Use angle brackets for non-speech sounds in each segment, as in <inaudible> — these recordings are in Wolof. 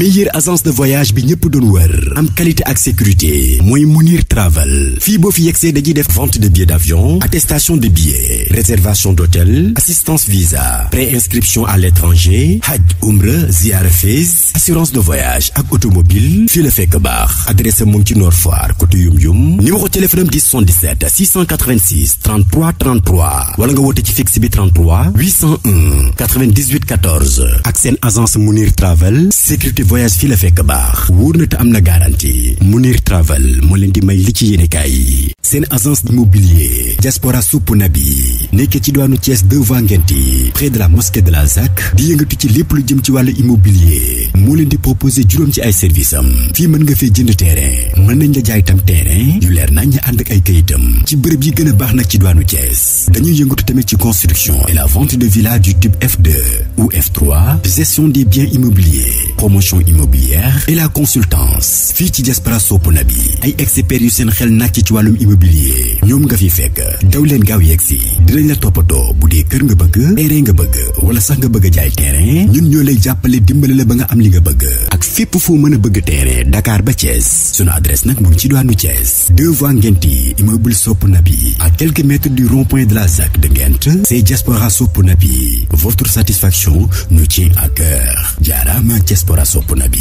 meilleure agence de voyage bi ñëpp doon wër am qualité ak sécurité mooy Munir Travel fii boo fi yegsee dañuy def vente de billets d'avion attestation de billets réservation d'hôtel assistance visa pré-inscription à l'étranger hajj umra ziara Fès assurance de voyage ak automobile fii la fekk baax adresse moom ci Nord Foire côté Yum Yum numéro téléphone am di 77 686 33 33 wala nga woote ci fixe bi 33 801 98 14 ak seen agence Munir Travel sécurité voyage fii la fekk baax wóor na te am na garantie Munir Travel moo leen di may li ci yéenekaay yi seen agence immobilier diaspora suppuna bi nekkee ci doonu Thiès devant Ngenti près de la mosquée de la ZAC di yëngatu ci lépp lu jëm ci wàllu immobilier moo leen di proposer juróom ci ay services am fii mën nga fee jënd terrain mën nañ la jaay tam terrain yu leer nañ ñu ànd ak ay kayitam ci bërëb yi gën a baax nag ci doonu Thiès dañuy yëngatu tamit ci construction et la vente de villas du type F2 ou F3 gestion gestion immobilière et la consultance fii ci Diaspora Soppona bi ay experts seen xel nàcc ci wàllum immobilier ñoom nga fi fekk daw leen gaaw yegg si dinañ la toppatoo bu dee kër nga bëgg terrain nga bëgg wala sax nga bëgg a jaay terrain ñun ñoo lay jàppale dimbale la ba nga am li nga bëgg ak fépp foo mën a bëgg terrain Dakar ba Thiès sunu adresse nag mu ngi ci doonu Thiès deux voies Ngenti immeuble Soppona bi à quelques mètres du rond de la ZAC sopp na bi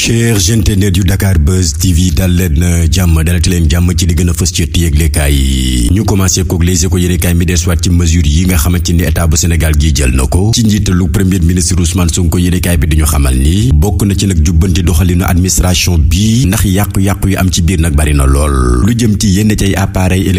chers internet yu Dakar Buzz TV dal na euh, jàmm dalati leen jàmm ci li gën a fës ci yëglekaay yi ñu commencé kook Les Échos yéenekaay mi des waat ci mesures yi nga xamante ni état bu Sénégal gi jël na ko ci njiitalu premier ministre Ousmane Sonko yéenekaay bi diñu xamal ni bokk na ci nag jubbanti doxalinu administration bi ndax yàqu-yàqu yi am ci biir nag bari na lool lu jëm ci yenn ci ay appareil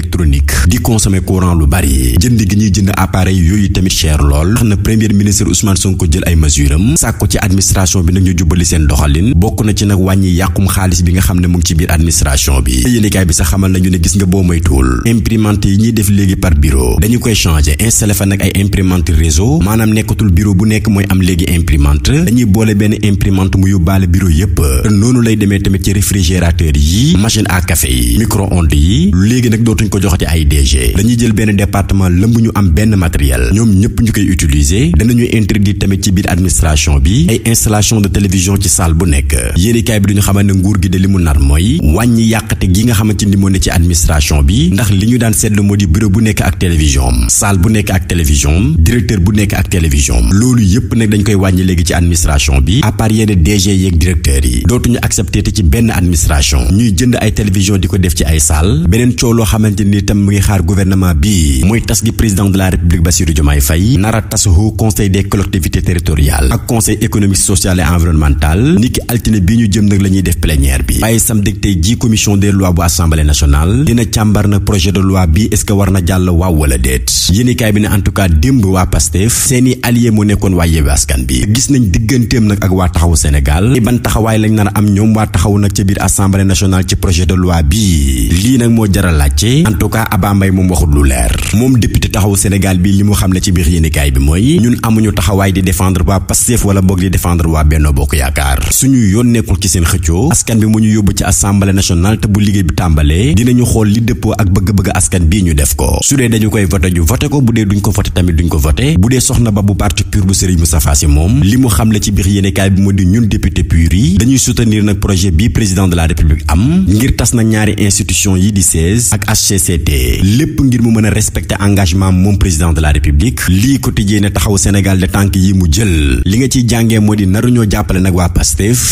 di consommer courant lu bari jënd gi ñuy jënd appareil yooyu tamit lool tax na premier ministre Ousmane Sonko jël ay mesures am sàkku ci administration bi nag ñu jubbali seen doxalin bokk na ci nag wàññi yàqum xaalis bi nga xam ne moom ngi ci biir administration bi yéenekaay bi sax xamal nañu ne gis nga boo moytuwul imprimante yi ñuy def léegi par bureau dañu koy changer installé fa nag ay imprimante réseau maanaam nekkatul bureau bu nekk mooy am léegi imprimante dañuy boole benn imprimante mu yóbbaale bureau yépp te noonu lay demee tamit ci réfrigérateur yi machine à café yi micro yi léegi nag dootuñ ko joxati ay DG dañuy jël benn département lëmb ñu am benn matériel ñoom ñëpp ñu koy utiliser danañu interdit tamit ci biir administration bi ay installation de télévision bu nekk yéenekaay bi duñu xamal ne nguur gi de li mu nar mooy wàññi yàqate gi nga xamante ni moo ne ci administration bi ndax li ñu daan seetlu moo di bureau bu nekk ak télévision salle bu nekk ak télévision directeur bu nekk ak télévision loolu yépp nag dañ koy wàññi léegi ci administration bi à part yenn DG yeeg directeurs yi dootuñu accepté te ci benn administration ñuy jënd ay télévision di ko def ci ay salle beneen coow loo xamante ni tam mu ngi xaar gouvernement bi mooy tas gi président de la république Bassirou Diomaye Faye nar a tas haut conseil des collectivités territoriales ak conseil économique social et altine bi ñu jëm nag la ñuy def plénière bi waaye samedi tey ji commission des lois bu assemblée nationale dina càmbar nag projet de loi bi est-ce que war na jàll waaw wala déet yéenekaay bi ne en tout cas démb waa Pastef seeni allié mu nekkoon waa Yewwi Askan bi gis nañ digganteem nag ak waa taxawu Sénégal ban taxawaay lañ nar a am ñoom waa taxaw nag ca biir assemblée nationale ci projet de loi bi lii nag moo jaral laajte en tout cas Abba Mbaye moom waxul lu leer moom député taxawu Sénégal bi li mu xam ne ci biir yéenekaay bi mooy ñun amuñu taxawaay di défendre waa Pastef wala boog di défendre waa Benno Bokk Yaakaar suñu yoon nekkul ci seen xëccoo askan bi mu ñu yóbbu ci assemblée nationale te bu liggéey bi tàmbalee dinañu xool li dëppoo ak bëgg-bëgg askan bii ñu def ko su dee dañu koy voté ñu voté ko bu dee duñ ko voté tamit duñ ko voté bu dee soxna ba bu parti pur bu Serigne Moustapha Sy moom li mu xamle ci biir yéenekaay bi mu di ñun député pur yi dañuy soutenir nag projet bii président de la république am ngir tas nag ñaari institution yi di CESE ak HCCT lépp ngir mu mën a respecter engagement moom président de la république lii quotidien ne taxaw Sénégal de tànk yi mu jël li nga ciy jàngee moo di naruñoo jàppale nag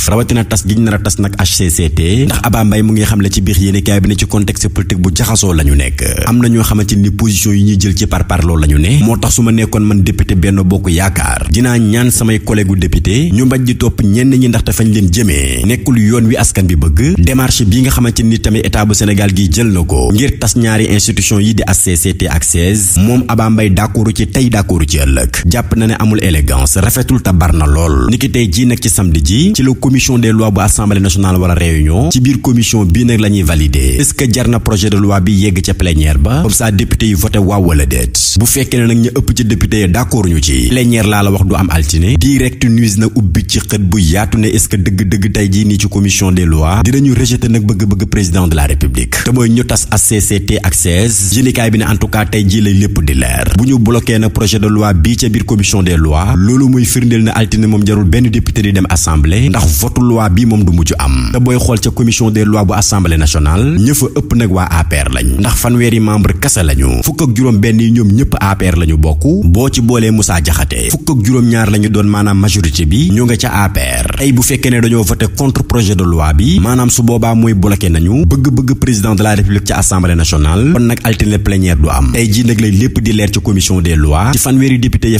rawatina tas gi ñu nar a tas nag HCCT ndax Abba mu ngi xam le ci biir yéenekaay bi ne ci contexte politique bu jaxasoo la ñu nekk am na ñoo xamante ni position yi ñu jël ci par parloo la ne moo tax su ma nekkoon man député benn bokk yaakaar dina ñaan samay collègue député ñu mbaj di topp ñenn ñi ndaxte fañ leen jëmee nekkul yoon wi askan bi bëgg démarche bi nga xamante ni tamit état bu Sénégal gi jël na ko ngir tas ñaari institution yi di HCCT ak CES moom Abba Mbaye d'accordu ci tey d'accordu ci ëllëg jàpp na ne amul élégance rafetul tabar na lool tey ji nag ci samedi commission des lois bu assemblée nationale war a réunion ci biir commission bii nag la ñuy valider est-ce que jar na projet de loi bi yegg ca plénière ba comme ça député yi voté waaw wala déet bu fekkee ne nag ñu ëpp ci député yi d'accord ñu ci plénière laa la wax du am altine direct news na ubbi ci xët bu yaatu ne est-ce que dëgg-dëgg tey jii nii ci commission des lois dinañu rejeter nag bëgg-bëgg président de la république te mooy ñu tas ACCT ak CESE bi ne en tout cas tey jii lay lépp di leer bu ñu bloqué projet de loi bii ca biir commission des lois loolu muy firndeel na altine moom jarul benn député di dem assemblée ndax votu loi bi moom du mujj am te booy xool ca commission des lois bu assemblée nationale ñë ëpp nag waa APR lañ ndax fanweeri membre kasa lañu fukk ak juróom benn yi ñoom ñëpp APR lañu bokk boo ci boolee Moussa Diakhaté fukk ak juróom-ñaar lañu doon maanaam majorité bi ñu nga ca APR tey bu fekkee ne dañoo voté contre projet de loi bi maanaam su boobaa mooy bloqué nañu bëgg-bëgg président de la république ci assemblée nationale kon nag altine plénière du am tey lépp di leer ci commission des lois ci fanweeri député ya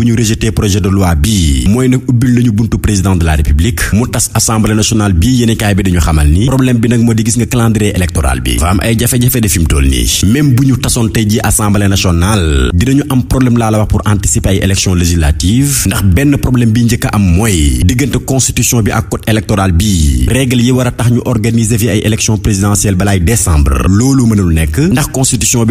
ñu rejeté projet de loi bi mooy nag ubbil la république mu tas assemblée nationale bii yéenekaay bi dañu xamal ni problème bi nag moo di gis nga calendrier électoral bi fa ay jafe-jafe de fi mu nii même bu ñu tasoon tey ji assemblée nationale dinañu am problème laa la wax pour anticiper ay élection législative ndax benn problème bi njëkk a am mooy diggante constitution bi ak code électoral bi règle yi war a tax ñu organiser fi ay élection présidentielle balaay décembre loolu mënul nekk ndax constitution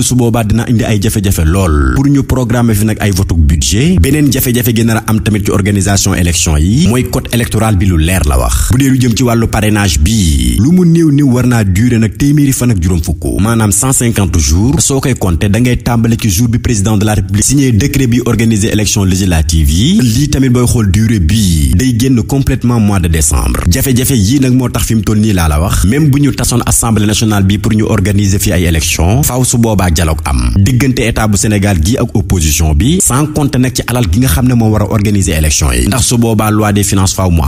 loolu su boobaa dina indi ay jafe-jafe lool pour ñu programmer fi nag ay votu budget beneen jafe-jafe gën a am tamit ci organisation élection yi mooy code électoral bi lu leer la wax bu dee lu jëm ci wàllu parrainage bi lu mu néew néew war naa durer nag téeméeri fan ak juróom fukk maanaam 150 jours soo koy compter da ngay tàmbale ci jour bi président de la république signé décret bi organiser élection législative yi lii tamit booy xool durée bi day génn complètement mois de décembre jafe-jafe yii nag moo tax fi mu toll nii laa la wax même bu ñu tasoon assemblée nationale bi pour ñu organiser fi ay ak dialogue am diggante état bu Sénégal gi ne moo war a organiser élection yi ndax su boobaa loi des finances faaw mu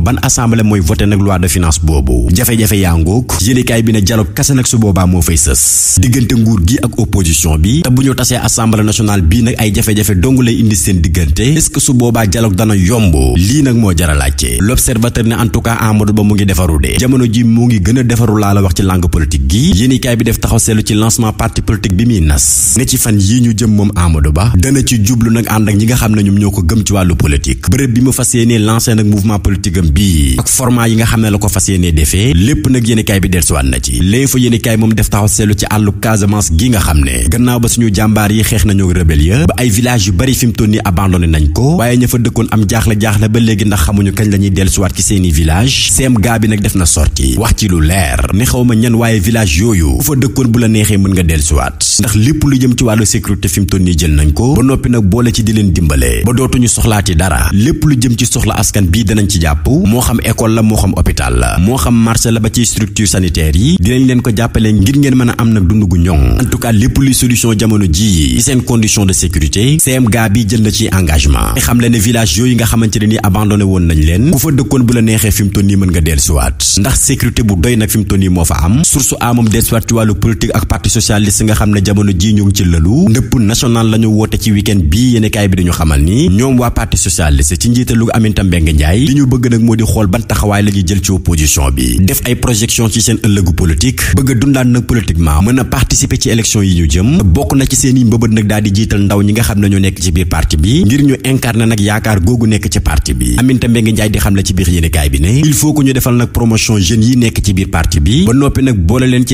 ban assemblée mooy voté nag loi de finance boobu jafe-jafe yaa ngoog yéenekaay bi ne dialogue kase nag su boobaa moo fay sës diggante nguur gi ak opposition bi te bu ñu tasee assemblée nationale bii nag ay jafe-jafe dong lay indi seen diggante est-ce que su boobaa dialogue dana yomb lii nag moo jar a laajte l'observateur ne en tout cas Amadou Ba mu ngi defaru de jamono ji mu ngi gën defaru laa la wax ci langue politique gi yéenekaay bi bi def taxaw seetlu ci lancement parti politique bi muy nas ne ci fan yii ñu jëm moom Amadou Ba dana ci jublu nag ànd ak ñi nga xam ne ñoom ñoo ko gëm ci wàllu politique bërëb bi mu fas yéenee lancé nag mouvement politique am bii ak format yi nga xam ne la ko fas yéenee defee lépp nag yéenekaay bi dellusiwaat na ci L'Info yéenekaay moom def taxaw seetlu ci àllu Casamance gi nga xam ne gannaaw ba suñu jàmbaar yi xeex nañoo rébellion ba ay village yu bari fi mu toll nii abandonné nañ ko waaye ña fa dëkkoon am jaaxle jaaxle ba léegi ndax xamuñu kañ la ñuy dellusiwaat ci seeni village seem gaa bi nag def na sorti wax ci lu leer ne xawma ñan waaye village yooyu fa dëkkoon bu la neexee mën nga dellusiwaat ndax lépp lu jëm wàllu sécurité fi mu toll nii jël nañ ko ba noppi nag boole ci di leen dimbale ba dootuñu soxlaati dara lépp lu jëm ci soxla askan bii danañ ci jàpp moo xam école la moo xam hôpital la moo xam marché la ba ci structure sanitaire yi dinañ leen ko jàppale ngir ngeen mën a am nag dund gu ñoŋ en lépp luy solution jamono ji ci seen condition de sécurité CMGA bi jël na ci engagement xam le ne village yooyu nga xamante ne ni abandonné woon nañ leen ku fa dëkkoon bu la neexee fi mu toll nii mën nga dellusiwaat ndax sécurité bu doy nag fi mu toll nii moo fa am source a moom dellusiwaat ci wàllu politique ak parti socialiste nga xam ne jamono ji ñu bëgg nag moo di xool ban taxawaay jël ci opposition bi def ay projection ci seen ëllëgu politique bëgg a dundaan nag politiquement mën a participer ci élection yi ñu jëm bokk na ci seen i mbëbët nag daal jiital ndaw ñi nga xam ne nekk ci biir parti bi ngir ñu incarner nag yaakaar googu nekk ci parti bi Aminata Mbengue Ndiaye di xam la ci biir yéenekaay bi ne il faut que ñu defal nag promotion jeunes yi nekk ci biir parti bi ba noppi nag boole leen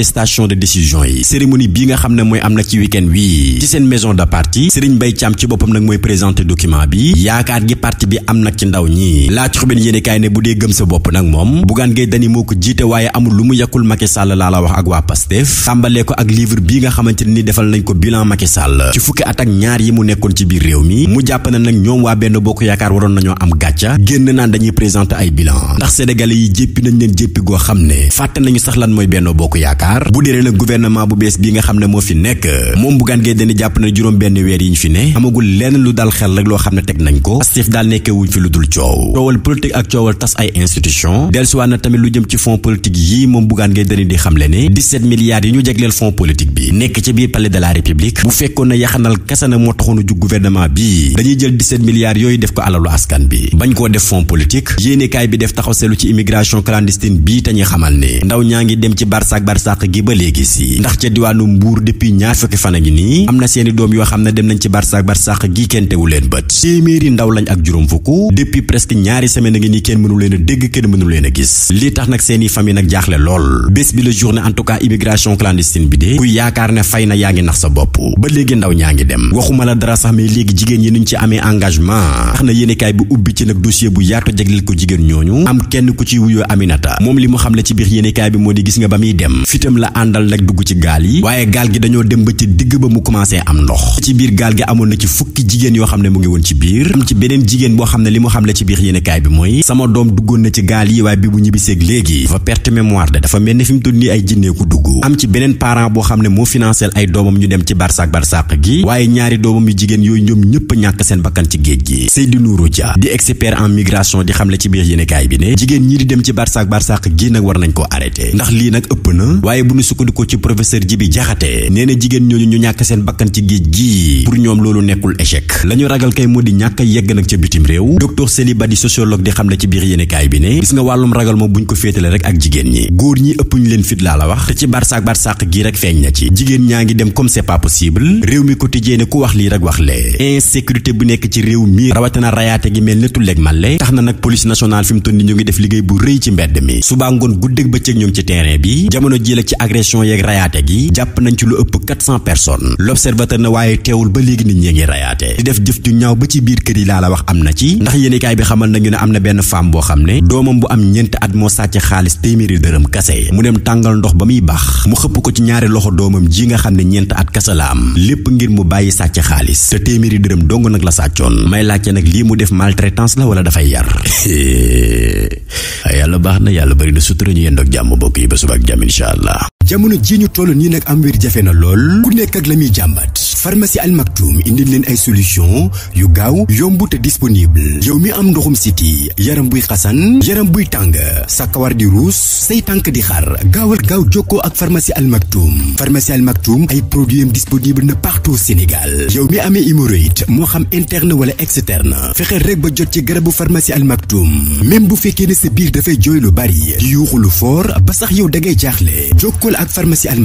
de décision yi cérémonie bi nga xam ne mooy am nag ci week-end wii ci seen maison de parti Serigne Mbaye Thiam ci boppam nag mooy présenter document bi yaakaar gi parti bi am nag ci ndaw ñi laa turbine yéenekaay ne bu dee gëm sa bopp nag moom Bougane Gueye Dany moo ko jiite waaye amul lu mu yàkkul Macky Sall laa la wax ak waa Pastef tàmbalee ko ak livre bi nga xamante ni defal nañ ko bilan Macky Sall ci fukki at ak ñaar yi mu nekkoon ci biir réew mi mu jàpp na nag ñoom waa benn bokk yaakaar waroon nañoo am gàcca génn naan dañuy présenter ay bilan ndax sénégalais yi jéppi nañ leen jéppi goo xam ne fàtte sax lan mooy benn bokk yaakaar bu bëre la gouvernement bu bees bi nga xam ne moo fi nekk moom Bougane Gueye Dany jàpp na juróom benn weer yi ñu fi ne amagul lenn lu dal xel rek loo xam ne teg nañ ko Pastef daal nekkewuñ fi lu dul coow coowal politique ak coowal tas ay institution dellusiwaat na tamit lu jëm ci fonds politique yi moom Bougane Gueye Dany di xamle ne 17 milliards yi ñu jagleel fonds politique bi nekk ci biir palais de république bu fekkoon na yaxanal kese na moo taxoon ju gouvernement gis ndax ca diwaanu Mbuur depuis ñaar fukki fan a ngi nii am na seeni doom yoo xam ne dem nañ ci barsaak barsaak gii kenn tewu leen bët téeméeri ndaw lañ ak juróom fukk depuis presque ñaari semaine a ngi nii kenn mënu leen dégg kenn mënu leen gis lii tax nag seeni famille nag jaaxle lool bés bi la journée en immigration clandestine bi de ku yaakaar ne fay na yaa ngi nax sa bopp ba léegi ndaw ñaa ngi dem waxuma la dara sax mais léegi jigéen yi dal rek dugg ci gaal yi waaye gi dañoo dem ba ci digg ba mu commencé am ndox na ci jigéen yoo xam ne mu ngi woon biir am ci beneen jigéen ne li mu xam ne ci biir yéenekaay bi mooy sama doom duggoon na gaal yi waaye bi mu ñibbiseeg léegi dafa perte mémoire de dafa mel ne fi mu ay jinnee ku dugg am ci beneen parent boo xam ne moo financé ay doomam ñu dem ci barsak barsak gi waaye ñaari doomam yu jigéen yooyu ñoom ñëpp ñàkk seen bakkan ci géej gi Seydou Nourou Dia di expert en migration di xamle ci biir yéenekaay bi ne jigéen ñi di dem ci barsak barsak gi nag war nañ koo arrêté ndax lii nag ëpp na waaye bu ñu sukk sukkandikoo ci professeur Jibi Jaxate nee na jigéen ñooñu ñu ñàkk seen bakkan ci géej gii pour ñoom loolu nekkul échec la ragal kay moo ñàkk yegg nag ca bitim réew docteur Sely Badi sociologue di xam ne ci biir yéenekaay bi ne gis nga wàllum ragal moom buñ ko féetale rek ak jigéen ñi góor ñi ëpp ñu leen fit laa la wax te ci barsaak barsaak gii rek feeñ na ci jigéen ñaa ngi dem comme c'est pas possible réew mi quotidien ne ku wax lii rek wax lee insécurité bu nekk ci réew mi rawatina rayaate gi mel ne tulleeg màlle tax na nag police nationale fi mu toll bi agression yeeg rayaate jàpp nañ ci lu ëpp 400 personnes l'observateur na waaye teewul ba léegi nit ñee ngi rayaate def jëf ju ñaaw ba ci biir kër yi laa la wax am na ci ndax yéenekaay bi xamal nañu ne am na benn femme boo xam ne doomam bu am ñeent at moo sàcc xaalis téeméeri dërëm kase mu dem tàngal ndox ba muy baax mu xëpp ko ci ñaari loxo doomam ji nga xam ne ñeent at kasa la am lépp ngir mu bàyyi sàcc xaalis te téeméeri dërëm dong nag la sàccoon may laajte nag lii mu def maltraitance la wala dafay yar <laughs> yàlla baax na yàlla bari na sutura yenn yendoog jàmm bokk yi ba suba ak jàmm allah jamono ji ñu toll nii nag am wér jafe na lool ku nekk ak la muy jàmbat Orange pharmacie Al Maktoum indi leen ay solution yu gaaw yomb te disponible yow mi am ndoxum siti yaram buy xasan yaram buy tàng sa kawar di ruus say tànk di xar gaawal gaaw jokkoo ak pharmacie Al Maktoum pharmacie Al Maktoum ay produit am disponible na partout Sénégal yow mi amee hémorroïde moo xam interne wala externe fexeel rek ba jot ci garabu pharmacie Al Maktoum même bu fekkee ne sa biir dafay jooy lu bari di yuuxu lu fort ba sax yow da ngay jaaxle jokkool ak pharmacie Al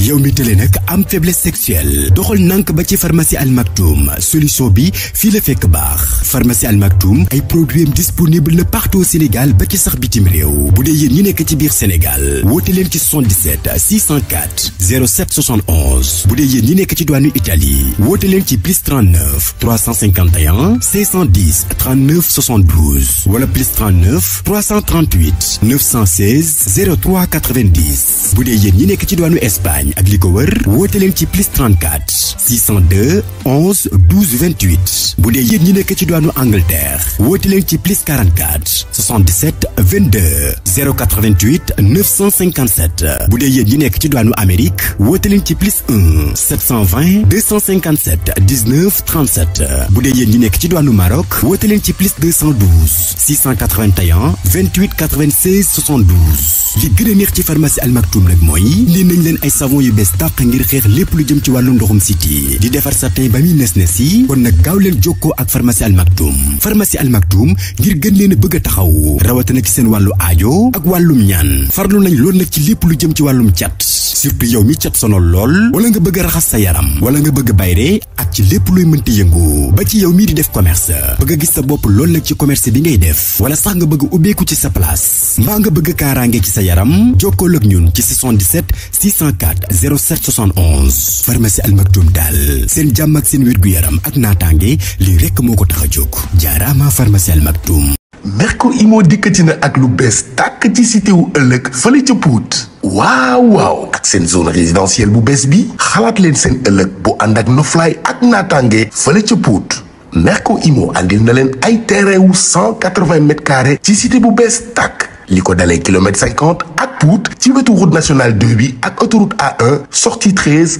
yow mi tële nag am faiblesse sexuelle doxal nank ba ci pharmacie Al Maktoum solution bi fii la fekk baax pharmacie Al Maktoum ay produits disponible na partout Sénégal ba ci sax bitim réew bu dee yéen ñi nekk ci biir Sénégal woote leen ci 77 604 07 71 bu dee yéen ñi nekk ci douane Italie woote leen ci plus 39 351 610 39 72 wala plus 39 338 916 03 90 bu dee yéen ñi nekk ci douane Espagne ak ko woote leen ci plus 34 602 11 12 28 bu dee yéen ñi nekk ci diwaanu Angleterre woote leen ci plus 44 77 22 088 957 bu dee yéen ñi nekk ci diwaanu Amérique woote leen ci plus 1 720 257 19 37 bu dee yéen ñi nekk ci diwaanu Maroc woote leen ci plus 212 681 28 96 72 li gën a neex ci pharmacie Al Maktoum nag mooy nee nañ leen ay savon yu bees tàq ngir xeex lépp lu jëm ci wàllu ndoxum Ladoum City di defar satay ba muy nes nes yi kon nag gaaw leen jokkoo ak pharmacie Al Maktoum pharmacie Al Maktoum ngir gën leen a bëgg a taxaw rawatina ci seen wàllu aajo ak wàllum ñaan farlu nañ lool nag ci lépp lu jëm ci wàllum cat surtout yow mi cat sonal lool wala nga bëgg a raxas sa yaram wala nga bëgg a bayre ak ci lépp luy mënti yëngu ba ci yow mii di def commerce bëgg a gis sa bopp lool nag ci commerce bi ngay def wala sax nga bëgg a ubbeeku ci sa place mbaa nga bëgg kaaraange ci sa yaram jokkool ak ñun ci 77 604 07 71 pharmacie Al Maktoum daal seen jàmm ak seen wér yaram ak naataange lii rekk moo ko tax a jóg jaaraama pharmacie Al Maktoum Merco Imo dikkati na ak lu bees tàkk ci cité wu ëllëg fële ca Pout waaw waaw ak seen zone résidentielle bu bees bi xalaat leen seen ëllëg bu ànd ak noflaay ak naataange fële ca Pout Merco Imo andil na leen ay terrain wu 180 mètres carrés ci cité bu bees tàkk li ko dalee kilomètre 50 Pout ci wetu route nationale 2 bi ak autoroute A1 sortie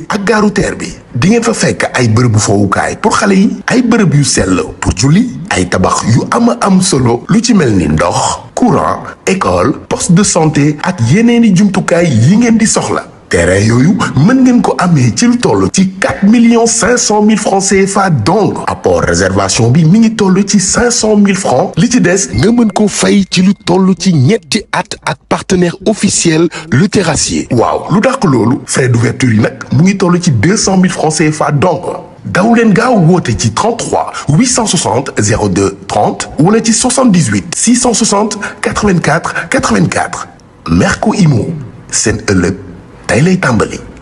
ak gaaru terre bi di ngeen fa fekk ay bërëbu fowukaay pour xale yi ay bërëb yu sell pour julli ay tabax yu ama am solo lu ci mel ni ndox courant école poste de santé ak yeneeni jumtukaay yi ngeen di soxla terrain yooyu mën ngeen ko amee ci lu toll ci quatre millions cinq cent mille francs CFA donc apport réservation bi mi ngi toll ci cinq cent mille francs li ci des nga mën ko fay ci lu toll ci ñetti at ak partenaire officiel le terrassier waaw lu dàq loolu frais d'ouverture yi nag mu ngi toll ci deux cent mille francs CFA donc daw leen gaaw woote ci 33 860 02 30 wala ci 78 660 84 84 Merco Imo seen ëllëg tey lay tàmbali.